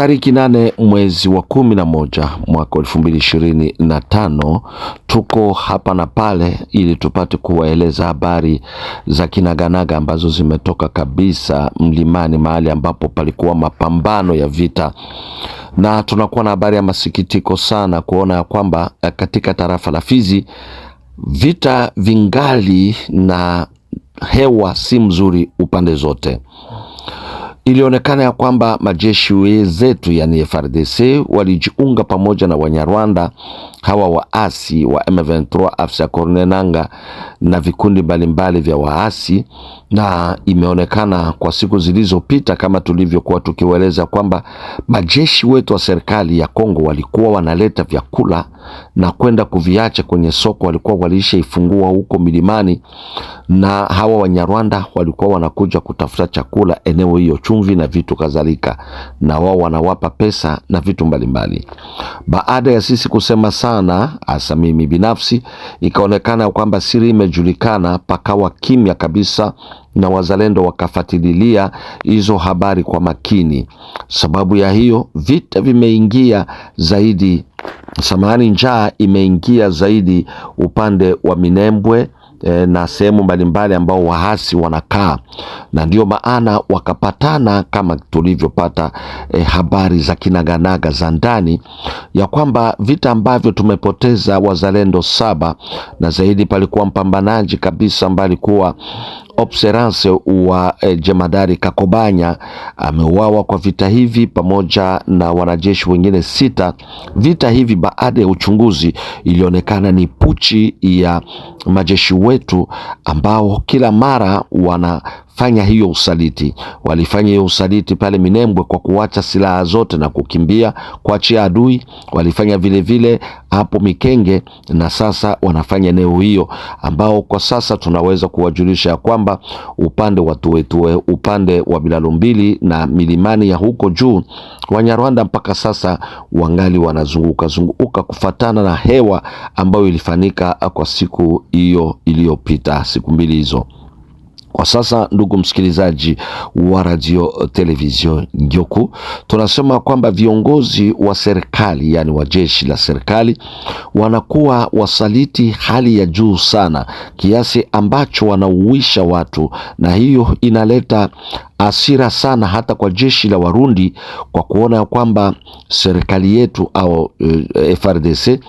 Tariki nane mwezi wa kumi na moja mwaka elfu mbili ishirini na tano tuko hapa na pale, ili tupate kuwaeleza habari za kinaganaga ambazo zimetoka kabisa mlimani, mahali ambapo palikuwa mapambano ya vita, na tunakuwa na habari ya masikitiko sana kuona ya kwamba eh, katika tarafa la Fizi vita vingali na hewa si mzuri upande zote ilionekana ya kwamba majeshi zetu yani FRDC walijiunga pamoja na Wanyarwanda hawa waasi wa M23 afsa Kornenanga na vikundi mbalimbali vya waasi, na imeonekana kwa siku zilizopita kama tulivyokuwa tukiwaeleza kwamba majeshi wetu wa serikali ya Kongo walikuwa wanaleta vyakula na kwenda kuviacha kwenye soko, walikuwa walishaifungua huko milimani, na hawa Wanyarwanda walikuwa wanakuja kutafuta chakula eneo hiyo chungu chumvi na vitu kadhalika, na wao wanawapa pesa na vitu mbalimbali. Baada ya sisi kusema sana, hasa mimi binafsi, ikaonekana kwamba siri imejulikana, pakawa kimya kabisa na wazalendo wakafatililia hizo habari kwa makini. Sababu ya hiyo vita vimeingia zaidi, samahani, njaa imeingia zaidi upande wa Minembwe e, na sehemu mbalimbali ambao waasi wanakaa, na ndio maana wakapatana kama tulivyopata e, habari za kinaganaga za ndani ya kwamba vita ambavyo tumepoteza wazalendo saba na zaidi, palikuwa mpambanaji kabisa ambaye alikuwa Obserance wa e, jemadari Kakobanya ameuawa kwa vita hivi pamoja na wanajeshi wengine sita. Vita hivi baada ya uchunguzi ilionekana ni puchi ya majeshi wetu ambao kila mara wana fanya hiyo usaliti. Walifanya hiyo usaliti pale Minembwe kwa kuacha silaha zote na kukimbia kuachia adui. Walifanya vilevile vile hapo Mikenge, na sasa wanafanya eneo hiyo, ambao kwa sasa tunaweza kuwajulisha ya kwamba upande wa Tuwetue, upande wa Bilalo Mbili na milimani ya huko juu, Wanyarwanda mpaka sasa wangali wanazunguka zunguka kufatana na hewa ambayo ilifanyika kwa siku hiyo iliyopita, siku mbili hizo. Kwa sasa, ndugu msikilizaji wa radio television Ngyoku, tunasema kwamba viongozi wa serikali yani wa jeshi la serikali wanakuwa wasaliti hali ya juu sana, kiasi ambacho wanauisha watu, na hiyo inaleta hasira sana hata kwa jeshi la Warundi kwa kuona kwamba serikali yetu au e, eh, FRDC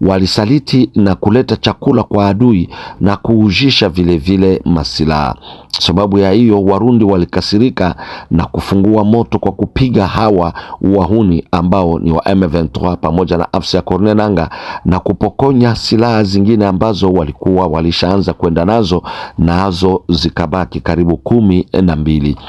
walisaliti na kuleta chakula kwa adui na kuujisha vilevile masilaha. Sababu ya hiyo Warundi walikasirika na kufungua moto kwa kupiga hawa wahuni ambao ni wa M23 pamoja na afsi ya corne nanga na kupokonya silaha zingine ambazo walikuwa walishaanza kwenda nazo nazo zikabaki karibu kumi na mbili.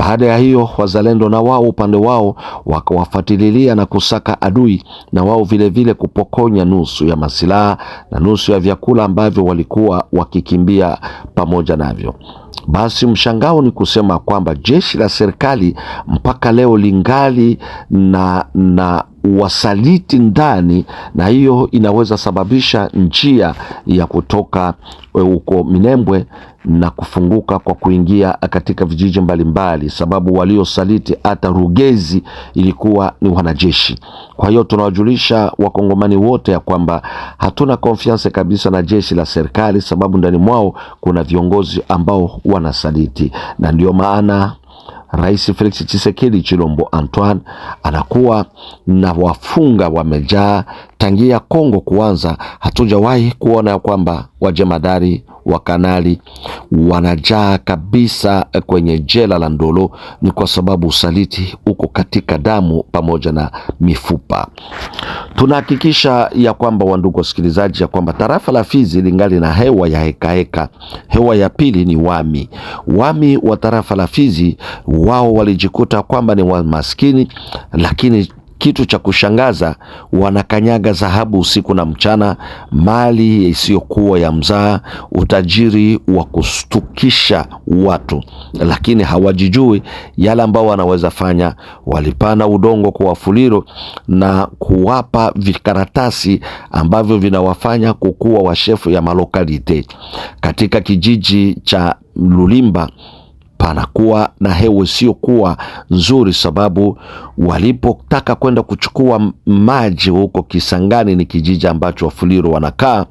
Baada ya hiyo, wazalendo na wao upande wao wakawafuatilia na kusaka adui na wao vilevile kupokonya nusu ya masilaha na nusu ya vyakula ambavyo walikuwa wakikimbia pamoja navyo. Basi mshangao ni kusema kwamba jeshi la serikali mpaka leo lingali na, na wasaliti ndani, na hiyo inaweza sababisha njia ya kutoka eh, huko Minembwe na kufunguka kwa kuingia katika vijiji mbalimbali sababu waliosaliti hata rugezi ilikuwa ni wanajeshi. Kwa hiyo tunawajulisha wakongomani wote ya kwamba hatuna konfiansa kabisa na jeshi la serikali, sababu ndani mwao kuna viongozi ambao wanasaliti, na ndio maana Rais Felix Tshisekedi Chilombo Antoine anakuwa na wafunga wamejaa. Tangia Kongo kuanza, hatujawahi kuona ya kwamba wajemadari Wakanali wanajaa kabisa kwenye jela la Ndolo, ni kwa sababu usaliti uko katika damu pamoja na mifupa. Tunahakikisha ya kwamba, wandugu wasikilizaji, ya kwamba tarafa la Fizi lingali na hewa ya hekaheka heka. Hewa ya pili ni wami wami wa tarafa la Fizi, wao walijikuta kwamba ni wamaskini, lakini kitu cha kushangaza, wanakanyaga dhahabu usiku na mchana, mali isiyokuwa ya mzaa, utajiri wa kustukisha watu, lakini hawajijui yale ambao wanaweza fanya. Walipana udongo kwa Wafuliro na kuwapa vikaratasi ambavyo vinawafanya kukuwa washefu ya malokalite katika kijiji cha Lulimba panakuwa na hewa isiyokuwa nzuri, sababu walipotaka kwenda kuchukua maji huko Kisangani, ni kijiji ambacho Wafuliro wanakaa,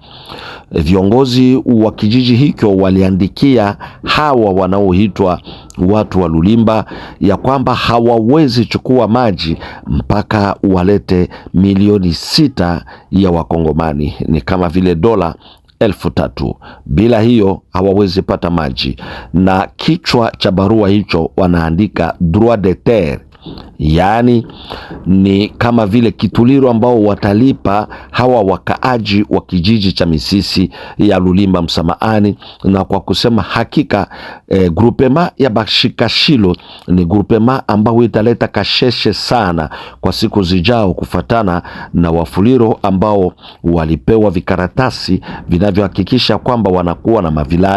viongozi wa kijiji hicho waliandikia hawa wanaoitwa watu wa Lulimba ya kwamba hawawezi chukua maji mpaka walete milioni sita ya Wakongomani, ni kama vile dola elfu tatu. Bila hiyo hawawezi pata maji, na kichwa cha barua hicho wanaandika droit de terre yaani ni kama vile kituliro ambao watalipa hawa wakaaji wa kijiji cha Misisi ya Lulimba Msamaani, na kwa kusema hakika e, eh, grupema ya Bashikashilo ni grupema ambao italeta kasheshe sana kwa siku zijao, kufatana na wafuliro ambao walipewa vikaratasi vinavyohakikisha kwamba wanakuwa na mavilaji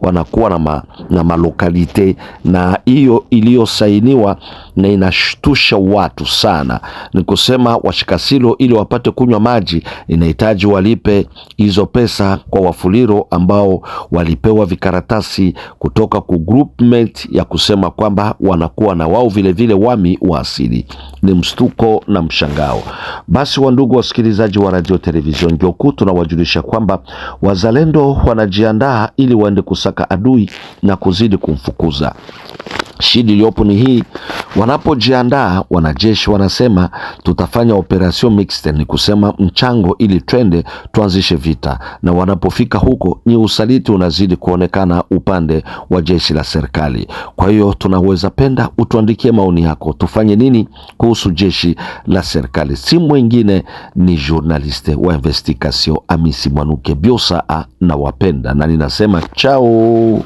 wanakuwa na, ma, na malokalite na hiyo iliyosainiwa na ina kuwatusha watu sana, ni kusema washikasilo ili wapate kunywa maji inahitaji walipe hizo pesa kwa wafuliro ambao walipewa vikaratasi kutoka ku groupment ya kusema kwamba wanakuwa na wao vilevile wami wa asili. Ni mstuko na mshangao. Basi wandugu wasikilizaji wa radio television Ngyoku, tunawajulisha kwamba wazalendo wanajiandaa ili waende kusaka adui na kuzidi kumfukuza. Shida iliyopo ni hii, wanapojiandaa wanajeshi wanasema tutafanya operation mixed, ni kusema mchango ili twende tuanzishe vita, na wanapofika huko ni usaliti unazidi kuonekana upande wa jeshi la serikali. Kwa hiyo tunaweza penda utuandikie maoni yako, tufanye nini kuhusu jeshi la serikali? Si mwingine ni journaliste wa Investigation Amisi Mwanuke Biosaa, na wapenda na ninasema chao.